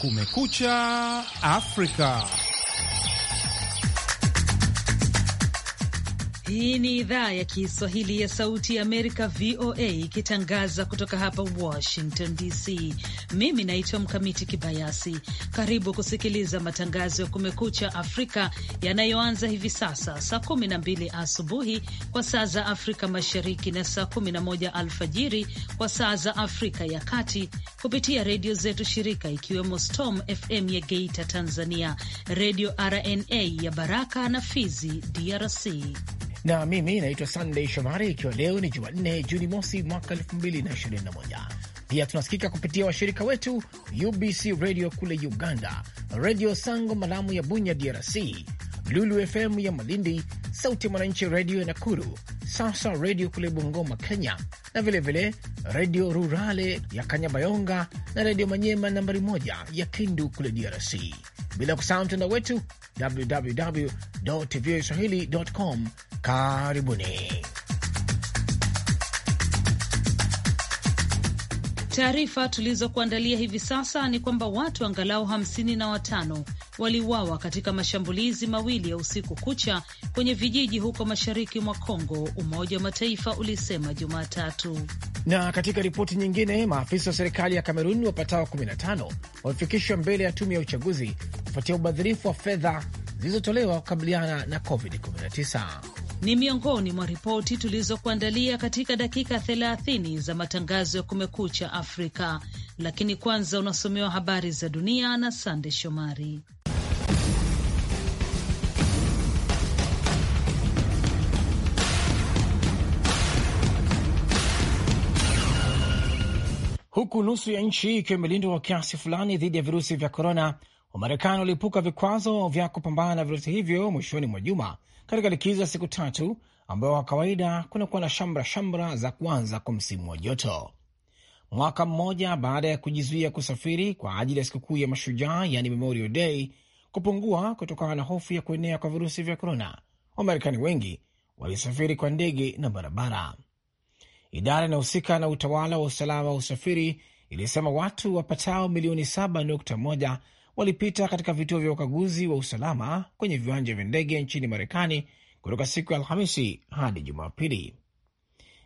Kumekucha Afrika. Hii ni idhaa ya Kiswahili ya Sauti ya Amerika, VOA, ikitangaza kutoka hapa Washington DC. Mimi naitwa Mkamiti Kibayasi. Karibu kusikiliza matangazo ya Kumekucha Afrika yanayoanza hivi sasa saa 12 asubuhi kwa saa za Afrika Mashariki na saa 11 alfajiri kwa saa za Afrika ya Kati, kupitia redio zetu shirika, ikiwemo Storm FM ya Geita Tanzania, Redio RNA ya Baraka na Fizi DRC na mimi naitwa Sunday Shomari, ikiwa leo ni Jumanne Juni mosi mwaka 2021. Pia tunasikika kupitia washirika wetu UBC Radio kule Uganda, Redio Sango Malamu ya Bunya DRC, Lulu FM ya Malindi, Sauti ya Mwananchi Redio ya Nakuru, Sasa Redio kule Bungoma, Kenya, na vilevile Redio Rurale ya Kanyabayonga na Redio Manyema nambari moja ya Kindu kule DRC, bila kusahau mtandao wetu www voa swahili com Karibuni. Taarifa tulizokuandalia hivi sasa ni kwamba watu angalau hamsini na watano waliuawa katika mashambulizi mawili ya usiku kucha kwenye vijiji huko mashariki mwa Kongo, Umoja wa Mataifa ulisema Jumatatu. Na katika ripoti nyingine, maafisa wa serikali ya Kamerun wapatao 15 wamefikishwa mbele ya tume ya uchaguzi kufuatia ubadhirifu wa fedha zilizotolewa kukabiliana na COVID-19 ni miongoni mwa ripoti tulizokuandalia katika dakika 30 za matangazo ya Kumekucha Afrika, lakini kwanza unasomewa habari za dunia na Sande Shomari. Huku nusu ya nchi ikiwa imelindwa kwa kiasi fulani dhidi ya virusi vya korona, Wamarekani walipuka vikwazo vya kupambana na virusi hivyo mwishoni mwa juma katika likizo ya siku tatu ambayo kwa kawaida kunakuwa na shamra shamra za kuanza kwa msimu wa joto. Mwaka mmoja baada ya kujizuia kusafiri kwa ajili ya sikukuu ya Mashujaa, yani Memorial Day, kupungua kutokana na hofu ya kuenea kwa virusi vya korona, Wamarekani wengi walisafiri kwa ndege na barabara. Idara inayohusika na utawala wa usalama wa usafiri ilisema watu wapatao milioni 7.1 walipita katika vituo vya ukaguzi wa usalama kwenye viwanja vya ndege nchini Marekani kutoka siku ya Alhamisi hadi Jumapili.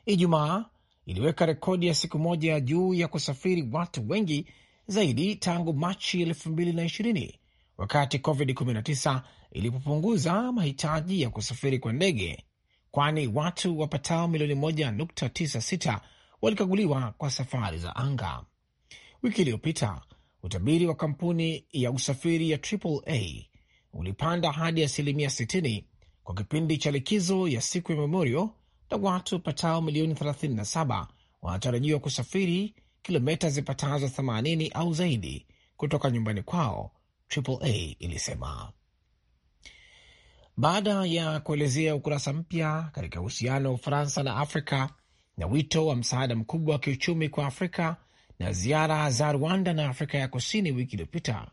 Ijumaa iliweka rekodi ya siku moja juu ya kusafiri watu wengi zaidi tangu Machi 2020 wakati COVID-19 ilipopunguza mahitaji ya kusafiri kwa ndege, kwani watu wapatao milioni 1.96 walikaguliwa kwa safari za anga. Wiki iliyopita utabiri wa kampuni ya usafiri ya AAA ulipanda hadi asilimia 60 kwa kipindi cha likizo ya siku ya Memorial, na watu patao milioni 37 wanatarajiwa kusafiri kilomita zipatazo 80 au zaidi kutoka nyumbani kwao, AAA ilisema. Baada ya kuelezea ukurasa mpya katika uhusiano wa Ufaransa na Afrika na wito wa msaada mkubwa wa kiuchumi kwa Afrika na ziara za Rwanda na Afrika ya Kusini wiki iliyopita,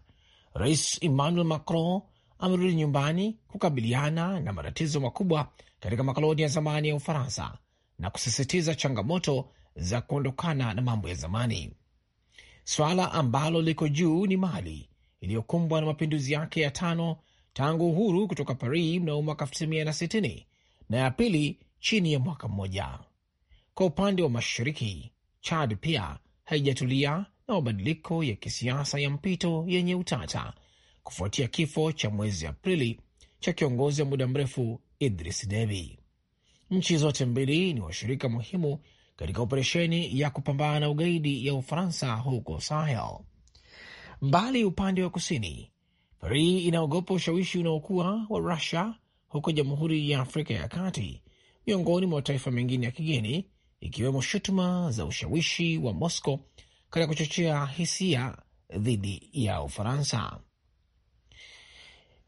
Rais Emmanuel Macron amerudi nyumbani kukabiliana na matatizo makubwa katika makoloni ya zamani ya Ufaransa na kusisitiza changamoto za kuondokana na mambo ya zamani. Swala ambalo liko juu ni Mali iliyokumbwa na mapinduzi yake ya tano tangu uhuru kutoka Paris mnamo mwaka 1960 na ya pili chini ya mwaka mmoja. Kwa upande wa mashariki, Chad pia haijatulia na mabadiliko ya kisiasa ya mpito yenye utata kufuatia kifo cha mwezi Aprili cha kiongozi wa muda mrefu Idris Deby. Nchi zote mbili ni washirika muhimu katika operesheni ya kupambana na ugaidi ya Ufaransa huko Sahel. Mbali upande wa kusini, Paris inaogopa ushawishi unaokuwa wa Rusia huko Jamhuri ya Afrika ya Kati, miongoni mwa mataifa mengine ya kigeni ikiwemo shutuma za ushawishi wa Moscow katika kuchochea hisia dhidi ya Ufaransa.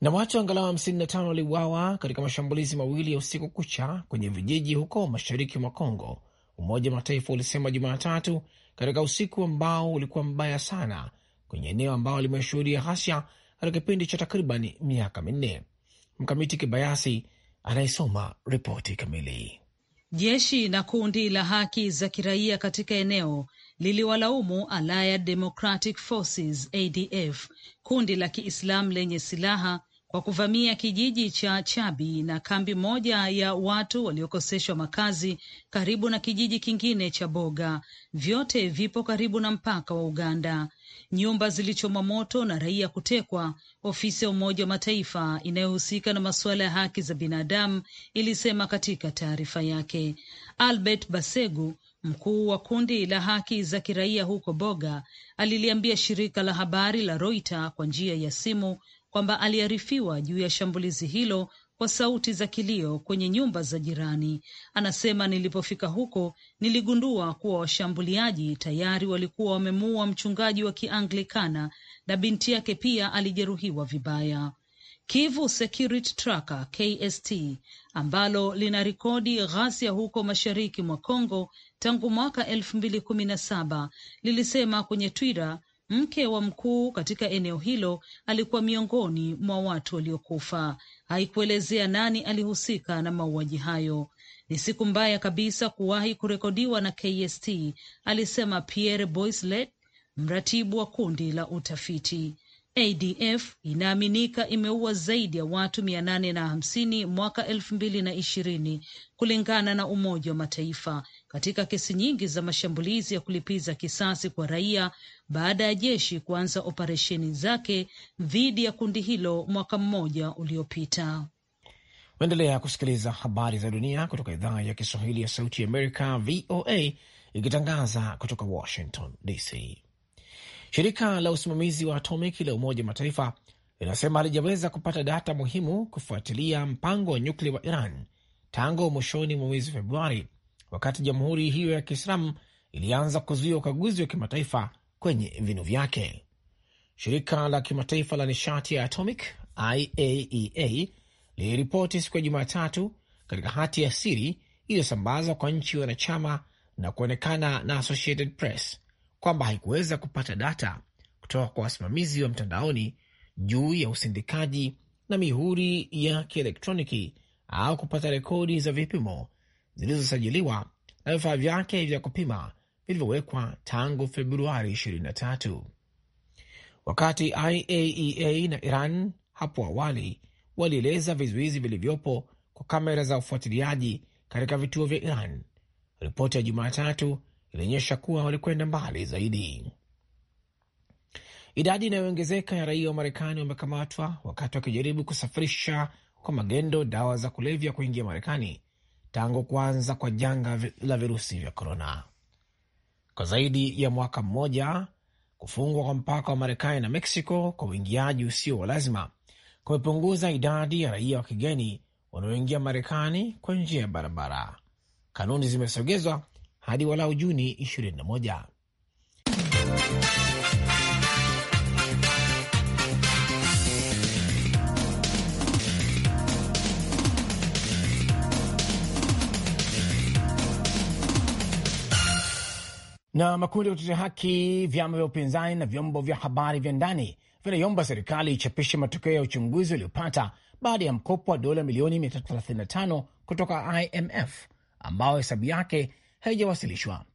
Na watu angalau 55 waliuawa katika mashambulizi mawili ya usiku kucha kwenye vijiji huko mashariki mwa Kongo, Umoja wa Mataifa ulisema Jumatatu, katika usiku ambao ulikuwa mbaya sana kwenye eneo ambao limeshuhudia ghasia katika kipindi cha takriban miaka minne. Mkamiti Kibayasi anayesoma ripoti kamili. Jeshi na kundi la haki za kiraia katika eneo liliwalaumu Allied Democratic Forces ADF, kundi la Kiislamu lenye silaha kwa kuvamia kijiji cha Chabi na kambi moja ya watu waliokoseshwa makazi karibu na kijiji kingine cha Boga, vyote vipo karibu na mpaka wa Uganda nyumba zilichomwa moto na raia kutekwa, ofisi ya Umoja wa Mataifa inayohusika na masuala ya haki za binadamu ilisema katika taarifa yake. Albert Basegu, mkuu wa kundi la haki za kiraia huko Boga, aliliambia shirika la habari la Reuters kwa njia ya simu kwamba aliarifiwa juu ya shambulizi hilo kwa sauti za kilio kwenye nyumba za jirani. Anasema nilipofika huko niligundua kuwa washambuliaji tayari walikuwa wamemuua mchungaji wa Kianglikana na binti yake pia alijeruhiwa vibaya. Kivu Security Tracker KST ambalo lina rekodi ghasia huko mashariki mwa congo tangu mwaka elfu mbili kumi na saba lilisema kwenye Twitter mke wa mkuu katika eneo hilo alikuwa miongoni mwa watu waliokufa haikuelezea nani alihusika na mauaji hayo. Ni siku mbaya kabisa kuwahi kurekodiwa na KST, alisema Pierre Boislet, mratibu wa kundi la utafiti. ADF inaaminika imeua zaidi ya watu mia nane na hamsini mwaka elfu mbili na ishirini kulingana na Umoja wa Mataifa, katika kesi nyingi za mashambulizi ya kulipiza kisasi kwa raia baada ya jeshi kuanza operesheni zake dhidi ya kundi hilo mwaka mmoja uliopita. Unaendelea kusikiliza habari za dunia kutoka idhaa ya Kiswahili ya Sauti ya Amerika, VOA, ikitangaza kutoka Washington DC. Shirika la usimamizi wa atomic la Umoja wa Mataifa linasema halijaweza kupata data muhimu kufuatilia mpango wa nyuklia wa Iran tangu mwishoni mwa mwezi Februari wakati jamhuri hiyo ya Kiislamu ilianza kuzuia ukaguzi wa kimataifa kwenye vinu vyake. Shirika la kimataifa la nishati ya atomic IAEA e liliripoti siku ya Jumatatu katika hati ya siri iliyosambazwa kwa nchi wanachama na kuonekana na Associated Press kwamba haikuweza kupata data kutoka kwa wasimamizi wa mtandaoni juu ya usindikaji na mihuri ya kielektroniki au kupata rekodi za vipimo zilizosajiliwa na vifaa vyake vya kupima vilivyowekwa tangu Februari 23. Wakati IAEA e na Iran hapo awali walieleza vizuizi vilivyopo kwa kamera za ufuatiliaji katika vituo vya Iran, ripoti ya Jumatatu ilionyesha kuwa walikwenda mbali zaidi. Idadi inayoongezeka ya raia wa Marekani wamekamatwa wakati wakijaribu kusafirisha kwa magendo dawa za kulevya kuingia Marekani tangu kuanza kwa janga la virusi vya korona. Kwa zaidi ya mwaka mmoja, kufungwa kwa mpaka wa Marekani na Meksiko kwa uingiaji usio wa lazima kumepunguza idadi ya raia wa kigeni wanaoingia Marekani kwa njia ya barabara. Kanuni zimesogezwa hadi walau Juni 21. Na makundi ya kutetea haki, vyama vya upinzani na vyombo vya habari vya ndani vinaiomba serikali ichapishe matokeo ya uchunguzi uliopata baada ya mkopo wa dola milioni 335 kutoka IMF ambao hesabu yake haijawasilishwa.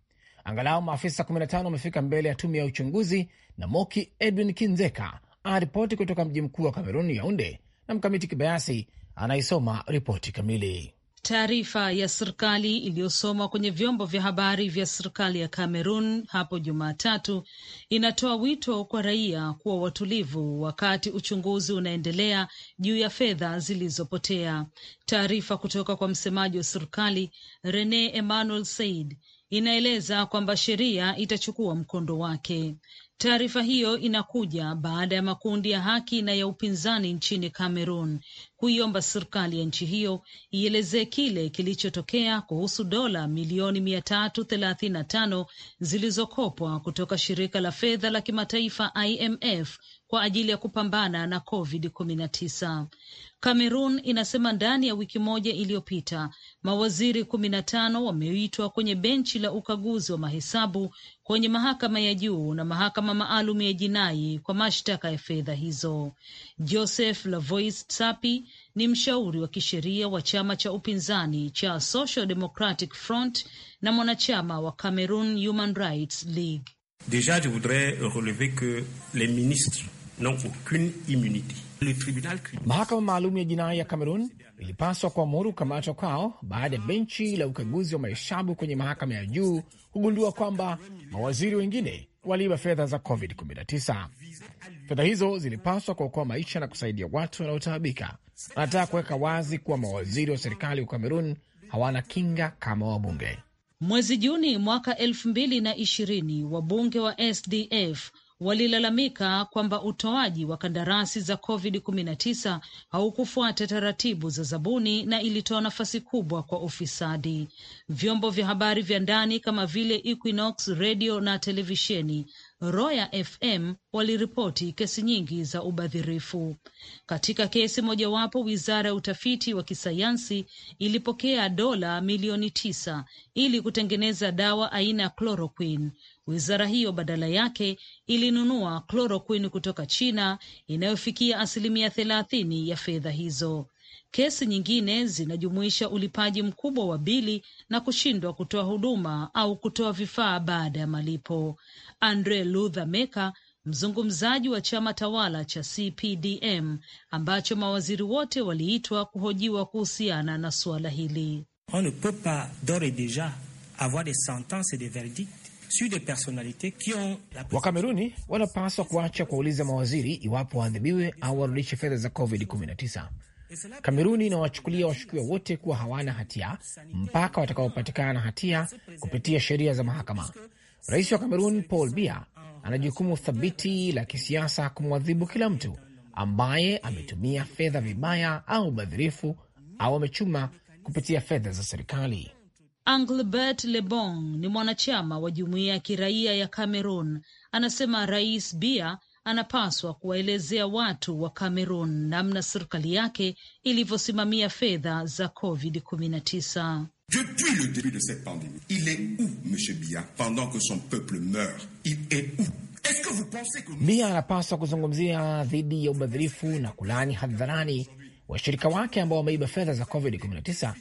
Angalau maafisa 15 wamefika mbele ya tume ya uchunguzi, na Moki Edwin Kinzeka anaripoti kutoka mji mkuu wa Kamerun, Yaunde, na Mkamiti Kibayasi anaisoma ripoti kamili. Taarifa ya serikali iliyosomwa kwenye vyombo vya habari vya serikali ya cameron hapo Jumatatu inatoa wito kwa raia kuwa watulivu wakati uchunguzi unaendelea juu ya fedha zilizopotea. Taarifa kutoka kwa msemaji wa serikali Rene Emmanuel Said inaeleza kwamba sheria itachukua mkondo wake. Taarifa hiyo inakuja baada ya makundi ya haki na ya upinzani nchini Cameroon kuiomba serikali ya nchi hiyo ielezee kile kilichotokea kuhusu dola milioni mia tatu thelathini na tano zilizokopwa kutoka shirika la fedha la kimataifa IMF kwa ajili ya kupambana na COVID-19. Kamerun inasema ndani ya wiki moja iliyopita mawaziri kumi na tano wameitwa kwenye benchi la ukaguzi wa mahesabu kwenye mahakama ya juu na mahakama maalum ya jinai kwa mashtaka ya fedha hizo. Joseph Lavois Tsapi ni mshauri wa kisheria wa chama cha upinzani cha Social Democratic Front na mwanachama wa Cameroon Human Rights League. Deja, je voudrais relever que les ministres n'ont aucune Mahakama maalum ya jinai ya Kamerun ilipaswa kuamuru kukamatwa kwao baada ya benchi la ukaguzi wa mahesabu kwenye mahakama ya juu kugundua kwamba mawaziri wengine waliiba fedha za COVID-19. Fedha hizo zilipaswa kuokoa maisha na kusaidia watu wanaotaabika. Anataka kuweka wazi kuwa mawaziri wa serikali wa Kamerun hawana kinga kama wabunge. Mwezi Juni mwaka elfu mbili na ishirini wabunge wa SDF walilalamika kwamba utoaji wa kandarasi za COVID-19 haukufuata taratibu za zabuni na ilitoa nafasi kubwa kwa ufisadi. Vyombo vya habari vya ndani kama vile Equinox radio na televisheni Roya FM waliripoti kesi nyingi za ubadhirifu. Katika kesi mojawapo, wizara ya utafiti wa kisayansi ilipokea dola milioni tisa ili kutengeneza dawa aina ya chloroquine. Wizara hiyo badala yake ilinunua chloroquine kutoka China inayofikia asilimia thelathini ya fedha hizo. Kesi nyingine zinajumuisha ulipaji mkubwa wa bili na kushindwa kutoa huduma au kutoa vifaa baada ya malipo. Andre Luther Meka, mzungumzaji wa chama tawala cha CPDM ambacho mawaziri wote waliitwa kuhojiwa kuhusiana na suala hili. On ne peut pas d'ores et avoir des sentences et des verdicts Wakameruni wanapaswa kuacha kuwauliza mawaziri iwapo waadhibiwe au warudishe fedha za COVID-19 Kameruni inawachukulia washukiwa wote kuwa hawana hatia mpaka watakaopatikana na hatia kupitia sheria za mahakama. Rais wa Kamerun Paul Biya ana jukumu thabiti la kisiasa kumwadhibu kila mtu ambaye ametumia fedha vibaya au ubadhirifu au amechuma kupitia fedha za serikali. Anglebert Lebon ni mwanachama wa jumuiya ya kiraia ya Cameroon, anasema Rais Biya anapaswa kuwaelezea watu wa Cameroon namna serikali yake ilivyosimamia fedha za COVID-19. Depuis le début de cette il est où, Monsieur Biya, pendant que son peuple meurt? Il est où? Mia anapaswa kuzungumzia dhidi ya ubadhirifu na kulani hadharani washirika wake ambao wameiba fedha za COVID-19.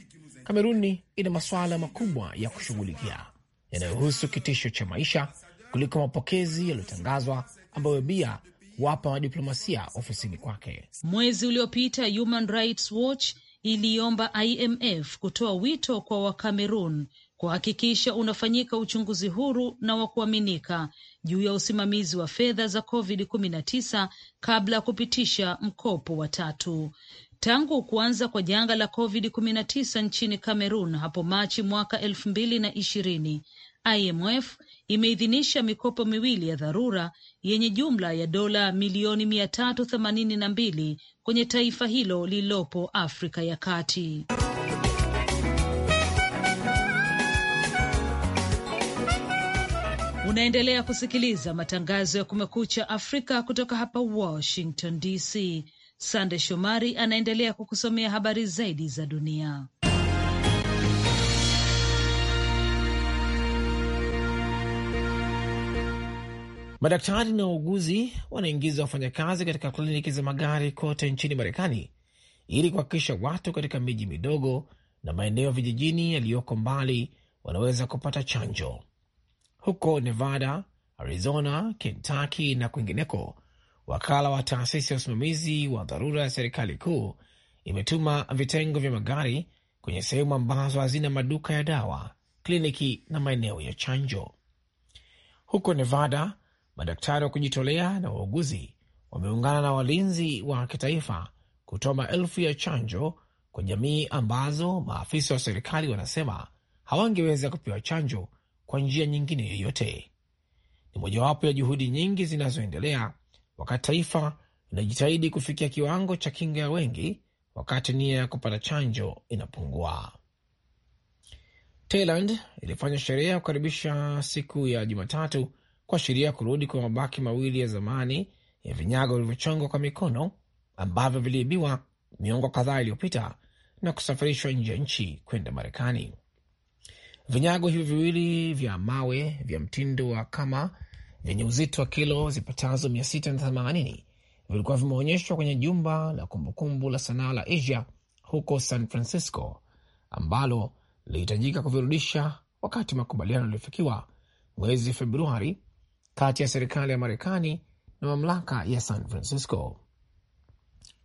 Kameruni ina masuala makubwa ya kushughulikia yanayohusu kitisho cha maisha kuliko mapokezi yaliyotangazwa ambayo bia wapa wadiplomasia ofisini kwake. Mwezi uliopita Human Rights Watch iliomba IMF kutoa wito kwa Wakamerun kuhakikisha unafanyika uchunguzi huru na wa kuaminika juu ya usimamizi wa fedha za COVID-19 kabla ya kupitisha mkopo wa tatu. Tangu kuanza kwa janga la COVID-19 nchini cameroon hapo Machi mwaka elfu mbili na ishirini, IMF imeidhinisha mikopo miwili ya dharura yenye jumla ya dola milioni mia tatu themanini na mbili kwenye taifa hilo lililopo Afrika ya Kati. Unaendelea kusikiliza matangazo ya Kumekucha Afrika kutoka hapa Washington DC. Sande Shomari anaendelea kukusomea habari zaidi za dunia. Madaktari na wauguzi wanaingiza wafanyakazi katika kliniki za magari kote nchini Marekani ili kuhakikisha watu katika miji midogo na maeneo vijijini yaliyoko mbali wanaweza kupata chanjo. Huko Nevada, Arizona, Kentucky na kwingineko, wakala wa taasisi ya usimamizi wa dharura ya serikali kuu imetuma vitengo vya magari kwenye sehemu ambazo hazina maduka ya dawa, kliniki na maeneo ya chanjo. Huko Nevada, Madaktari wa kujitolea na wauguzi wameungana na walinzi wa kitaifa kutoa maelfu ya chanjo kwa jamii ambazo maafisa wa serikali wanasema hawangeweza kupewa chanjo kwa njia nyingine yoyote. Ni mojawapo ya juhudi nyingi zinazoendelea wakati taifa linajitahidi kufikia kiwango cha kinga ya wengi, wakati nia ya kupata chanjo inapungua. Thailand ilifanya sherehe ya kukaribisha siku ya Jumatatu kuashiria kurudi kwa mabaki mawili ya zamani ya vinyago vilivyochongwa kwa mikono ambavyo viliibiwa miongo kadhaa iliyopita na kusafirishwa nje ya nchi kwenda Marekani. Vinyago hivyo viwili vya mawe vya mtindo wa kama vyenye uzito wa kilo zipatazo 680 vilikuwa vimeonyeshwa kwenye jumba la kumbukumbu la sanaa la Asia huko San Francisco, ambalo lilihitajika kuvirudisha wakati makubaliano yaliyofikiwa mwezi Februari kati ya serikali ya Marekani na mamlaka ya San Francisco.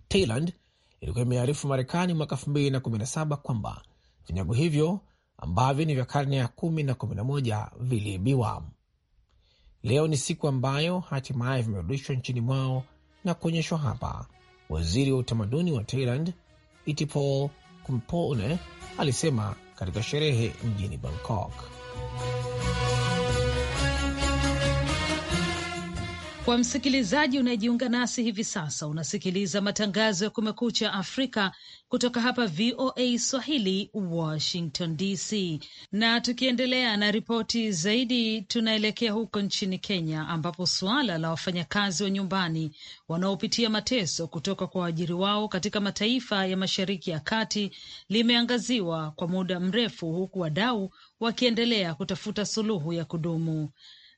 Thailand ilikuwa imearifu Marekani mwaka 2017 kwamba vinyago hivyo ambavyo ni vya karne ya 111 na viliibiwa. Leo ni siku ambayo hatimaye vimerudishwa nchini mwao na kuonyeshwa hapa. Waziri wa utamaduni wa Thailand Itipol Kumpone alisema katika sherehe mjini Bangkok. Kwa msikilizaji unayejiunga nasi hivi sasa, unasikiliza matangazo ya Kumekucha Afrika kutoka hapa VOA Swahili, Washington DC. Na tukiendelea na ripoti zaidi, tunaelekea huko nchini Kenya, ambapo suala la wafanyakazi wa nyumbani wanaopitia mateso kutoka kwa waajiri wao katika mataifa ya Mashariki ya Kati limeangaziwa kwa muda mrefu, huku wadau wakiendelea kutafuta suluhu ya kudumu.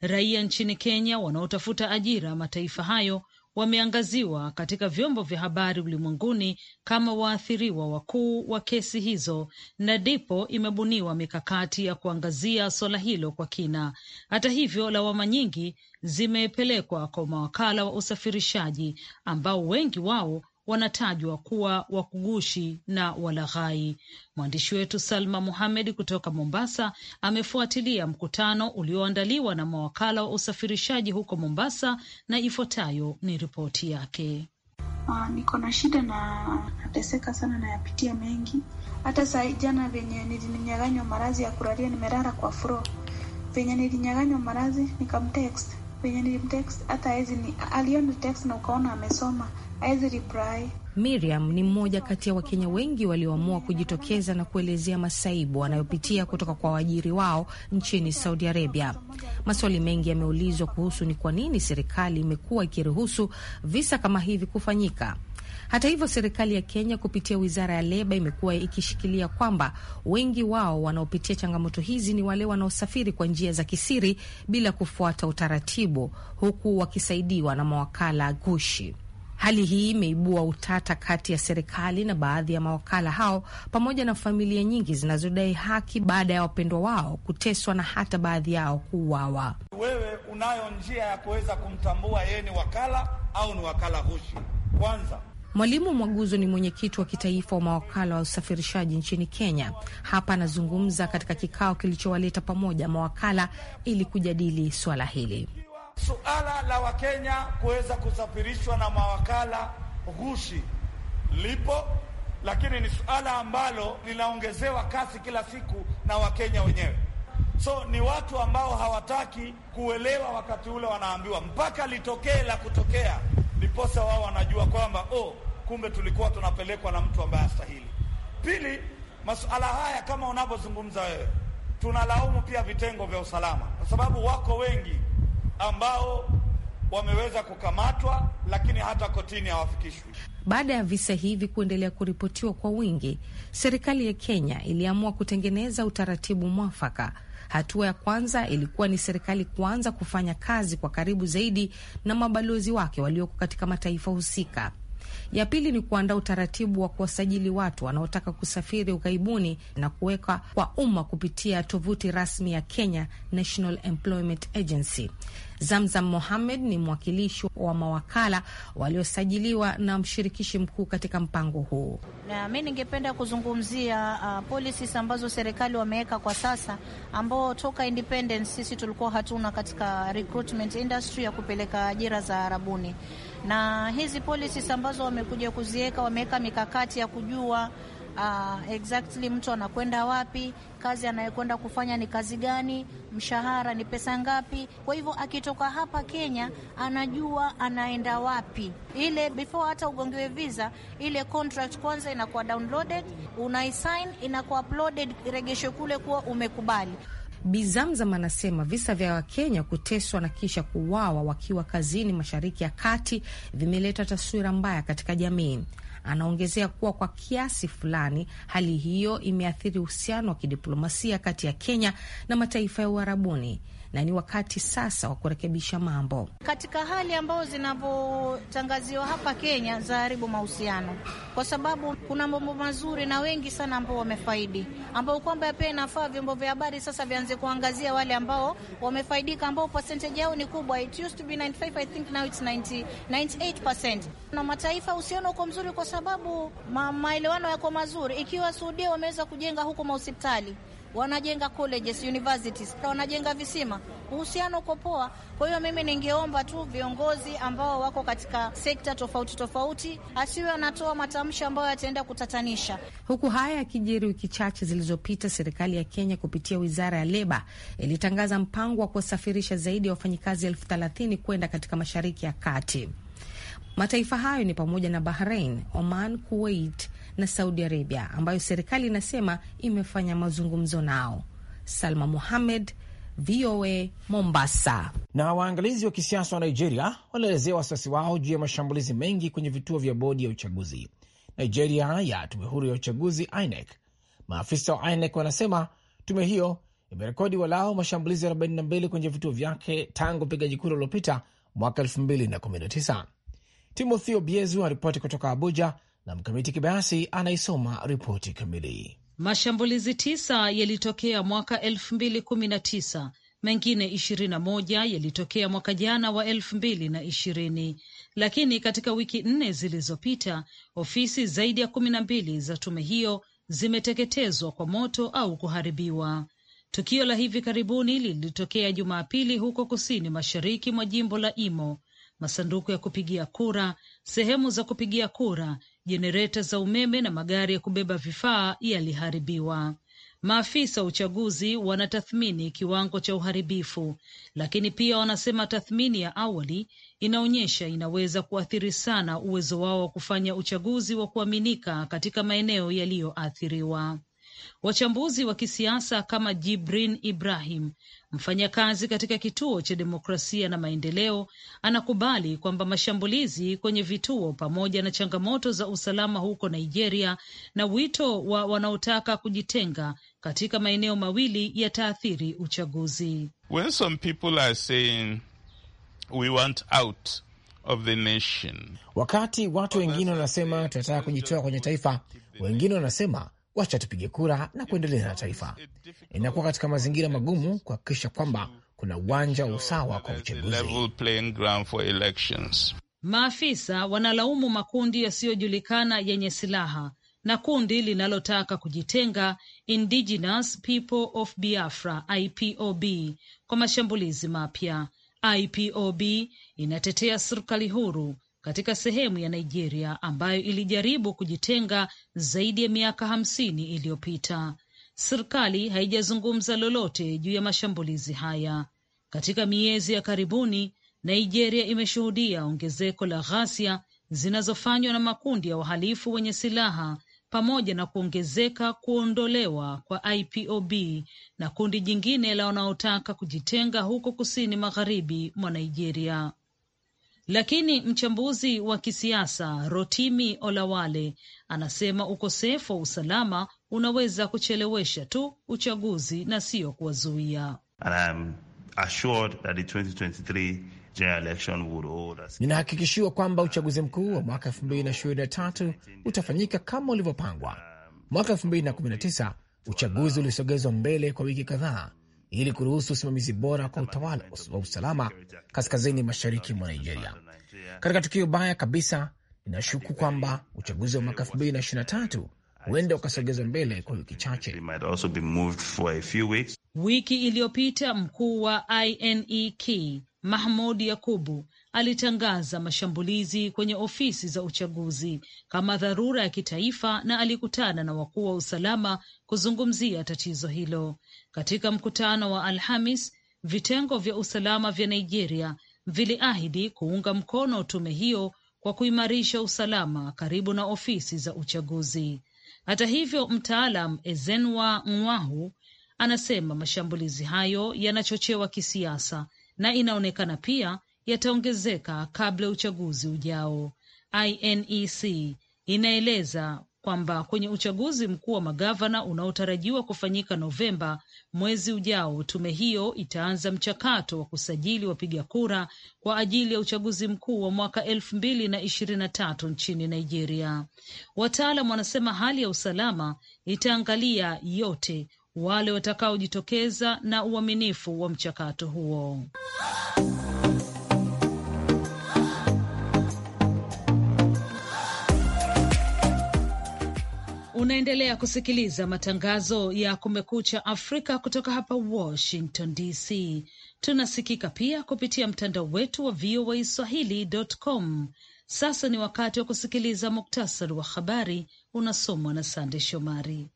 Raia nchini Kenya wanaotafuta ajira mataifa hayo wameangaziwa katika vyombo vya habari ulimwenguni kama waathiriwa wakuu wa kesi hizo, na ndipo imebuniwa mikakati ya kuangazia suala hilo kwa kina. Hata hivyo, lawama nyingi zimepelekwa kwa mawakala wa usafirishaji ambao wengi wao wanatajwa kuwa wakugushi na walaghai. Mwandishi wetu Salma Muhamed kutoka Mombasa amefuatilia mkutano ulioandaliwa na mawakala wa usafirishaji huko Mombasa, na ifuatayo ni ripoti yake. Ah, niko na shida na nateseka sana, nayapitia mengi. Hata saa jana venye nilinyaganywa marazi ya kuralia, nimerara kwa furo. Venye nilinyaganywa marazi nikamtext, venye nilimtext hata hezi ni aliona text na ukaona amesoma Miriam ni mmoja kati ya Wakenya wengi walioamua kujitokeza na kuelezea masaibu wanayopitia kutoka kwa waajiri wao nchini Saudi Arabia. Maswali mengi yameulizwa kuhusu ni kwa nini serikali imekuwa ikiruhusu visa kama hivi kufanyika. Hata hivyo, serikali ya Kenya kupitia wizara ya leba imekuwa ikishikilia kwamba wengi wao wanaopitia changamoto hizi ni wale wanaosafiri kwa njia za kisiri bila kufuata utaratibu, huku wakisaidiwa na mawakala gushi. Hali hii imeibua utata kati ya serikali na baadhi ya mawakala hao pamoja na familia nyingi zinazodai haki baada ya wapendwa wao kuteswa na hata baadhi yao kuuawa. Wewe unayo njia ya kuweza kumtambua yeye ni wakala au ni wakala hushi? Kwanza Mwalimu Mwaguzo ni mwenyekiti wa kitaifa wa mawakala wa usafirishaji nchini Kenya. Hapa anazungumza katika kikao kilichowaleta pamoja mawakala ili kujadili swala hili. Suala la Wakenya kuweza kusafirishwa na mawakala ghushi lipo, lakini ni suala ambalo linaongezewa kasi kila siku na Wakenya wenyewe. So ni watu ambao hawataki kuelewa, wakati ule wanaambiwa mpaka litokee la kutokea, ndiposa wao wanajua kwamba oh, kumbe tulikuwa tunapelekwa na mtu ambaye astahili Pili, masuala haya kama unavyozungumza wewe, tunalaumu pia vitengo vya usalama, kwa sababu wako wengi ambao wameweza kukamatwa, lakini hata kotini hawafikishwi. Baada ya visa hivi kuendelea kuripotiwa kwa wingi, serikali ya Kenya iliamua kutengeneza utaratibu mwafaka. Hatua ya kwanza ilikuwa ni serikali kuanza kufanya kazi kwa karibu zaidi na mabalozi wake walioko katika mataifa husika. Ya pili ni kuandaa utaratibu wa kuwasajili watu wanaotaka kusafiri ughaibuni na kuweka kwa umma kupitia tovuti rasmi ya Kenya National Employment Agency. Zamzam Mohamed ni mwakilishi wa mawakala waliosajiliwa na mshirikishi mkuu katika mpango huu. Na mi ningependa kuzungumzia uh, policies ambazo serikali wameweka kwa sasa, ambao toka independence sisi tulikuwa hatuna katika recruitment industry ya kupeleka ajira za Arabuni na hizi policies ambazo wamekuja kuziweka, wameweka mikakati ya kujua Uh, exactly mtu anakwenda wapi, kazi anayekwenda kufanya ni kazi gani, mshahara ni pesa ngapi. Kwa hivyo akitoka hapa Kenya anajua anaenda wapi. Ile before hata ugongewe visa, ile contract kwanza inakuwa downloaded, unaisign, inakuwa uploaded, iregeshwe kule kuwa umekubali. Bizamzam anasema visa vya Wakenya kuteswa na kisha kuuawa wakiwa kazini Mashariki ya Kati vimeleta taswira mbaya katika jamii. Anaongezea kuwa kwa kiasi fulani hali hiyo imeathiri uhusiano wa kidiplomasia kati ya Kenya na mataifa ya Uarabuni na ni wakati sasa wa kurekebisha mambo katika hali ambazo zinavyotangaziwa hapa Kenya za haribu mahusiano, kwa sababu kuna mambo mazuri na wengi sana ambao wamefaidi, ambao kwamba pia inafaa vyombo vya habari sasa vianze kuangazia wale ambao wamefaidika, ambao percentage yao ni kubwa. It used to be 95, I think now it's 90, 98%. Na mataifa uhusiano uko mzuri kwa sababu ma, maelewano yako mazuri, ikiwa Saudia wameweza kujenga huko mahospitali wanajenga colleges, universities, wanajenga visima, uhusiano uko poa. Kwa hiyo mimi ningeomba tu viongozi ambao wako katika sekta tofauti tofauti asiwe anatoa matamshi ambayo yataenda kutatanisha. Huku haya yakijiri, wiki chache zilizopita, serikali ya Kenya kupitia wizara ya leba ilitangaza mpango wa kuwasafirisha zaidi ya wafanyikazi elfu thelathini kwenda katika mashariki ya kati. Mataifa hayo ni pamoja na Bahrain, Oman, Kuwait, na Saudi Arabia ambayo serikali inasema imefanya mazungumzo nao. Salma Muhamed, VOA Mombasa. Na waangalizi wa kisiasa wa Nigeria wanaelezea wasiwasi wao juu ya mashambulizi mengi kwenye vituo vya bodi ya uchaguzi Nigeria ya tume huru ya uchaguzi INEC. Maafisa wa INEC wanasema tume hiyo imerekodi walao mashambulizi 42 kwenye vituo vyake tangu upigaji kura uliopita mwaka 2019. Timothy Obiezu aripoti kutoka Abuja na Mkamiti Kibayasi anaisoma ripoti kamili. Mashambulizi tisa yalitokea mwaka elfu mbili kumi na tisa mengine ishirini na moja yalitokea mwaka jana wa elfu mbili na ishirini lakini katika wiki nne zilizopita ofisi zaidi ya kumi na mbili za tume hiyo zimeteketezwa kwa moto au kuharibiwa. Tukio la hivi karibuni lilitokea Jumapili huko kusini mashariki mwa jimbo la Imo. Masanduku ya kupigia kura, sehemu za kupigia kura jenereta za umeme na magari ya kubeba vifaa yaliharibiwa. Maafisa wa uchaguzi wanatathmini kiwango cha uharibifu, lakini pia wanasema tathmini ya awali inaonyesha inaweza kuathiri sana uwezo wao wa kufanya uchaguzi wa kuaminika katika maeneo yaliyoathiriwa. Wachambuzi wa kisiasa kama Jibrin Ibrahim, mfanyakazi katika kituo cha demokrasia na maendeleo, anakubali kwamba mashambulizi kwenye vituo pamoja na changamoto za usalama huko Nigeria na wito wa wanaotaka kujitenga katika maeneo mawili yataathiri uchaguzi. When some people are saying we want out of the nation. Wakati watu wengine wanasema tunataka kujitoa kwenye taifa, wengine wanasema wacha tupige kura na kuendelea na taifa. Inakuwa katika mazingira magumu kuhakikisha kwamba kuna uwanja usawa kwa uchaguzi. Maafisa wanalaumu makundi yasiyojulikana yenye silaha na kundi linalotaka kujitenga Indigenous People of Biafra IPOB kwa mashambulizi mapya. IPOB inatetea serikali huru katika sehemu ya Nigeria ambayo ilijaribu kujitenga zaidi ya miaka hamsini iliyopita. Serikali haijazungumza lolote juu ya mashambulizi haya. Katika miezi ya karibuni, Nigeria imeshuhudia ongezeko la ghasia zinazofanywa na makundi ya wahalifu wenye silaha pamoja na kuongezeka kuondolewa kwa IPOB na kundi jingine la wanaotaka kujitenga huko kusini magharibi mwa Nigeria. Lakini mchambuzi wa kisiasa Rotimi Olawale anasema ukosefu wa usalama unaweza kuchelewesha tu uchaguzi na sio kuwazuia. Ninahakikishiwa kwamba uchaguzi mkuu wa mwaka 2023 utafanyika kama ulivyopangwa. Mwaka 2019 uchaguzi ulisogezwa mbele kwa wiki kadhaa ili kuruhusu usimamizi bora kwa utawala wa usalama kaskazini mashariki mwa Nigeria. Katika tukio baya kabisa, inashuku kwamba uchaguzi wa mwaka 2023 huenda ukasogezwa mbele kwa wiki chache. Wiki iliyopita mkuu wa INEC Mahmud Yakubu alitangaza mashambulizi kwenye ofisi za uchaguzi kama dharura ya kitaifa na alikutana na wakuu wa usalama kuzungumzia tatizo hilo. Katika mkutano wa Alhamis, vitengo vya usalama vya Nigeria viliahidi kuunga mkono tume hiyo kwa kuimarisha usalama karibu na ofisi za uchaguzi. Hata hivyo, mtaalam Ezenwa Ng'wahu anasema mashambulizi hayo yanachochewa kisiasa na inaonekana pia yataongezeka kabla ya uchaguzi ujao. INEC inaeleza kwamba kwenye uchaguzi mkuu wa magavana unaotarajiwa kufanyika Novemba mwezi ujao, tume hiyo itaanza mchakato wa kusajili wapiga kura kwa ajili ya uchaguzi mkuu wa mwaka elfu mbili na ishirini na tatu nchini Nigeria. Wataalam wanasema hali ya usalama itaangalia yote, wale watakaojitokeza na uaminifu wa mchakato huo. Unaendelea kusikiliza matangazo ya Kumekucha Afrika kutoka hapa Washington DC. Tunasikika pia kupitia mtandao wetu wa VOA Swahili.com. Sasa ni wakati wa kusikiliza muktasari wa habari unasomwa na Sande Shomari.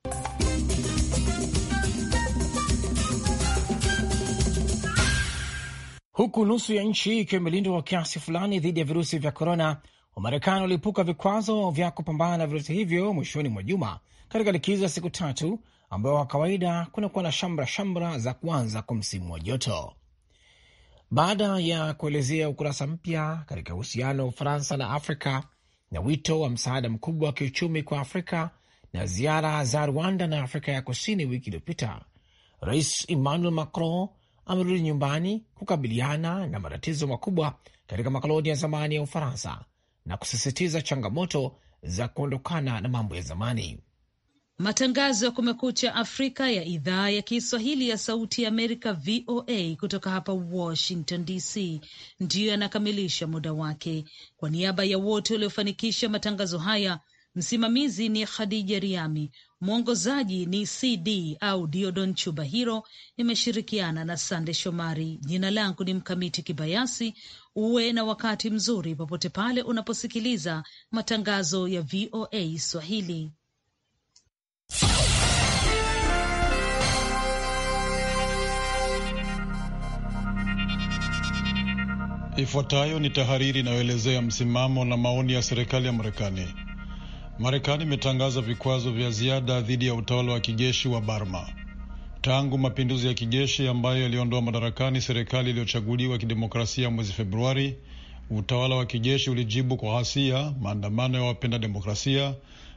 Huku nusu ya nchi ikiwa imelindwa kwa kiasi fulani dhidi ya virusi vya korona, Wamarekani walipuka vikwazo vya kupambana na virusi hivyo mwishoni mwa juma katika likizo ya siku tatu ambayo kwa kawaida kunakuwa na shamra shamra za kuanza kwa msimu wa joto. Baada ya kuelezea ukurasa mpya katika uhusiano wa Ufaransa na Afrika na wito wa msaada mkubwa wa kiuchumi kwa Afrika na ziara za Rwanda na Afrika ya Kusini wiki iliyopita, Rais Emmanuel Macron amerudi nyumbani kukabiliana na matatizo makubwa katika makoloni ya zamani ya Ufaransa na kusisitiza changamoto za kuondokana na mambo ya zamani. Matangazo ya Kumekucha Afrika ya idhaa ya Kiswahili ya Sauti ya Amerika, VOA, kutoka hapa Washington DC, ndiyo yanakamilisha muda wake. Kwa niaba ya wote waliofanikisha matangazo haya Msimamizi ni Khadija Riami, mwongozaji ni CD au Diodon Chubahiro. Nimeshirikiana na Sande Shomari. Jina langu ni Mkamiti Kibayasi. Uwe na wakati mzuri popote pale unaposikiliza matangazo ya VOA Swahili. Ifuatayo ni tahariri inayoelezea msimamo na maoni ya serikali ya Marekani. Marekani imetangaza vikwazo vya ziada dhidi ya utawala wa kijeshi wa Burma tangu mapinduzi ya kijeshi ambayo yaliondoa madarakani serikali iliyochaguliwa kidemokrasia mwezi Februari. Utawala wa kijeshi ulijibu kwa ghasia, maandamano ya wapenda demokrasia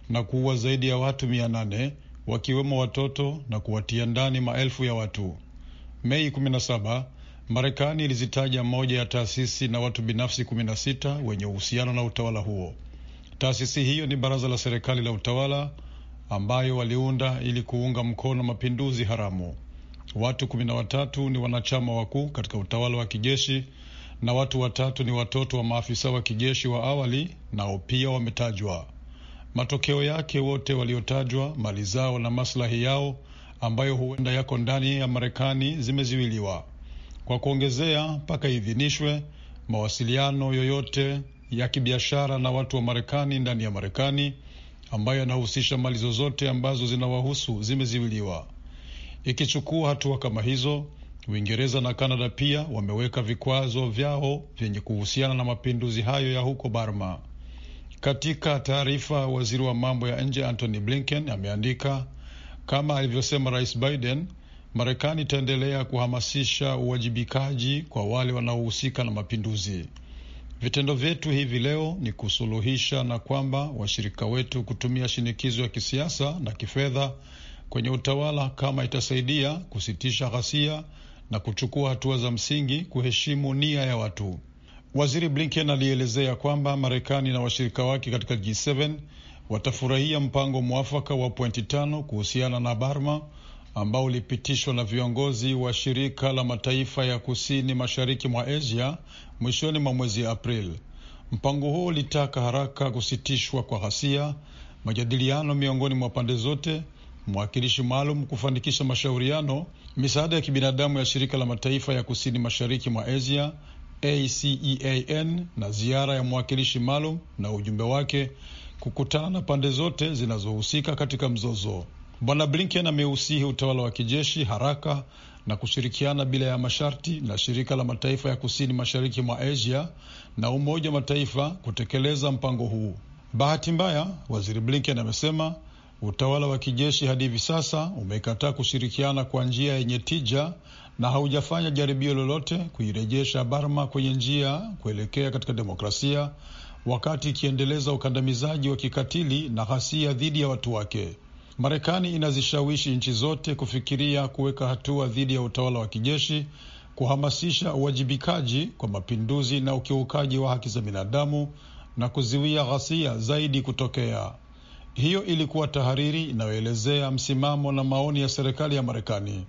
na kuua zaidi ya watu mia nane wakiwemo watoto na kuwatia ndani maelfu ya watu. Mei 17 Marekani ilizitaja moja ya taasisi na watu binafsi 16 wenye uhusiano na utawala huo. Taasisi hiyo ni baraza la serikali la utawala ambayo waliunda ili kuunga mkono mapinduzi haramu. Watu kumi na watatu ni wanachama wakuu katika utawala wa kijeshi na watu watatu ni watoto wa maafisa wa kijeshi wa awali, nao pia wametajwa. Matokeo yake wote waliotajwa, mali zao na maslahi yao ambayo huenda yako ndani ya Marekani zimeziwiliwa. Kwa kuongezea, mpaka iidhinishwe mawasiliano yoyote ya kibiashara na watu wa Marekani ndani ya Marekani ambayo yanahusisha mali zozote ambazo zinawahusu zimeziwiliwa. Ikichukua hatua kama hizo, Uingereza na Kanada pia wameweka vikwazo vyao vyenye kuhusiana na mapinduzi hayo ya huko Burma. Katika taarifa, waziri wa mambo ya nje Antony Blinken ameandika kama alivyosema Rais Biden, Marekani itaendelea kuhamasisha uwajibikaji kwa wale wanaohusika na mapinduzi. Vitendo vyetu hivi leo ni kusuluhisha, na kwamba washirika wetu kutumia shinikizo ya kisiasa na kifedha kwenye utawala kama itasaidia kusitisha ghasia na kuchukua hatua za msingi kuheshimu nia ya watu. Waziri Blinken alielezea kwamba Marekani na washirika wake katika G7 watafurahia mpango mwafaka wa pointi tano kuhusiana na barma ambao ulipitishwa na viongozi wa shirika la mataifa ya kusini mashariki mwa Asia mwishoni mwa mwezi april Mpango huo ulitaka haraka kusitishwa kwa ghasia, majadiliano miongoni mwa pande zote, mwakilishi maalum kufanikisha mashauriano, misaada ya kibinadamu ya shirika la mataifa ya kusini mashariki mwa Asia ACEAN na ziara ya mwakilishi maalum na ujumbe wake kukutana na pande zote zinazohusika katika mzozo. Bwana Blinken ameusihi utawala wa kijeshi haraka na kushirikiana bila ya masharti na shirika la mataifa ya kusini mashariki mwa Asia na Umoja wa Mataifa kutekeleza mpango huu. Bahati mbaya, waziri Blinken amesema utawala wa kijeshi hadi hivi sasa umekataa kushirikiana kwa njia yenye tija na haujafanya jaribio lolote kuirejesha Burma kwenye njia kuelekea katika demokrasia, wakati ikiendeleza ukandamizaji wa kikatili na ghasia dhidi ya watu wake. Marekani inazishawishi nchi zote kufikiria kuweka hatua dhidi ya utawala wa kijeshi, kuhamasisha uwajibikaji kwa mapinduzi na ukiukaji wa haki za binadamu na kuziwia ghasia zaidi kutokea. Hiyo ilikuwa tahariri inayoelezea msimamo na maoni ya serikali ya Marekani.